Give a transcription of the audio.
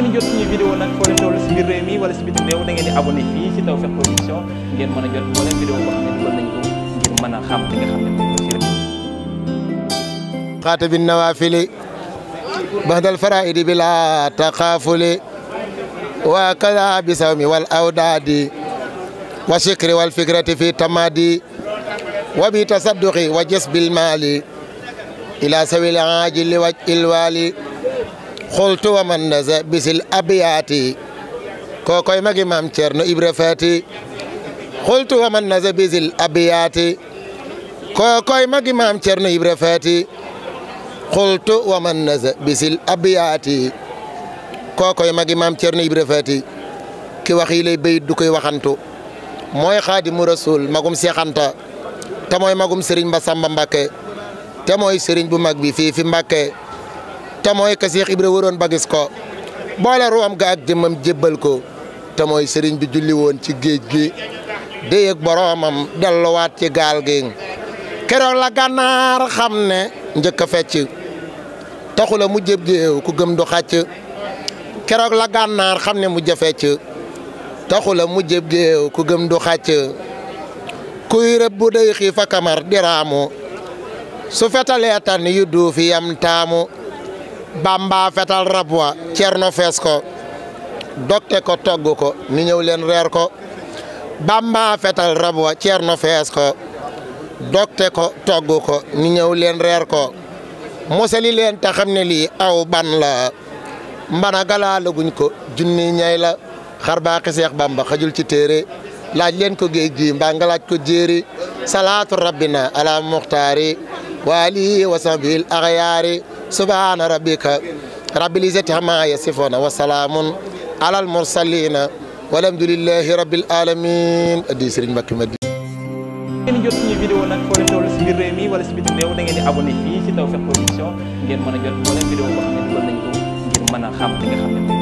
ngeen jot suñu vidéo nag foo leen toll si biir réew mi wala si biti réew da ngeen di abonné fii si Tawfekh Production ngeen mën a jot moo leen vidéo boo xam ne dugal nañ ko ngir mën a xam li nga xam ne moom la fi xaata bi nawaafili baxdal faraidi bi la taqaafuli wa kada bi sawmi wal awdaadi wa shikri wal fikrati fi tamadi wa bi tasadduqi wa jës bil maali ila sawil aajili waj il waali xultu wa man nasa bisil abiyaati kookoy magi maam Cerno Ibra Faati xultu wa man nasa bisil abiyaati kookoy magi maam Cerno Ibra Faati xultu wa man nasa bisil abiyaati kookoy magi maam Cerno Ibra Faati ki wax yi lay béy du koy waxantu mooy xaadimu rasul magum seexanta te mooy magum sëriñ Mbasamba Mbàkke te mooy sëriñ bu mag bi fii fi te mooy que Cheikh Ibra waroon ba gis ko boole ruwam ga ak jëmmam jébbal ko te mooy sëriñ bi julli woon ci géej gi déyeg boroomam delluwaat ci gaal gi keroog la gànnaar xam ne njëkk a fecc taxu la mu jëb géew ku gëm du xàcc keroog la gànnaar xam ne mu jafecc taxu la mu jëb géew ku gëm du xàcc kuy rëb bu day xii fa kamar diraamu su fetalee tan yu duufi yam taamu bamba fetal rab wa cerno fees ko dogte ko togg ko ni ñëw leen reer ko bamba fetal rab wa cerno fees ko dogte ko togg ko ni ñëw leen reer ko mosali leen te ne lii aw ban la mbana galaa laguñ ko junni ñay la xar baaxi bamba xajul ci téere laaj leen ko géej gi laaj ko jéeri salaatu rabbina ala muxtaari وآله وصحبه الأغيار سبحان ربك رب العزة عما يصفون وسلام على المرسلين والحمد لله رب العالمين di Serigne Mbacké Madina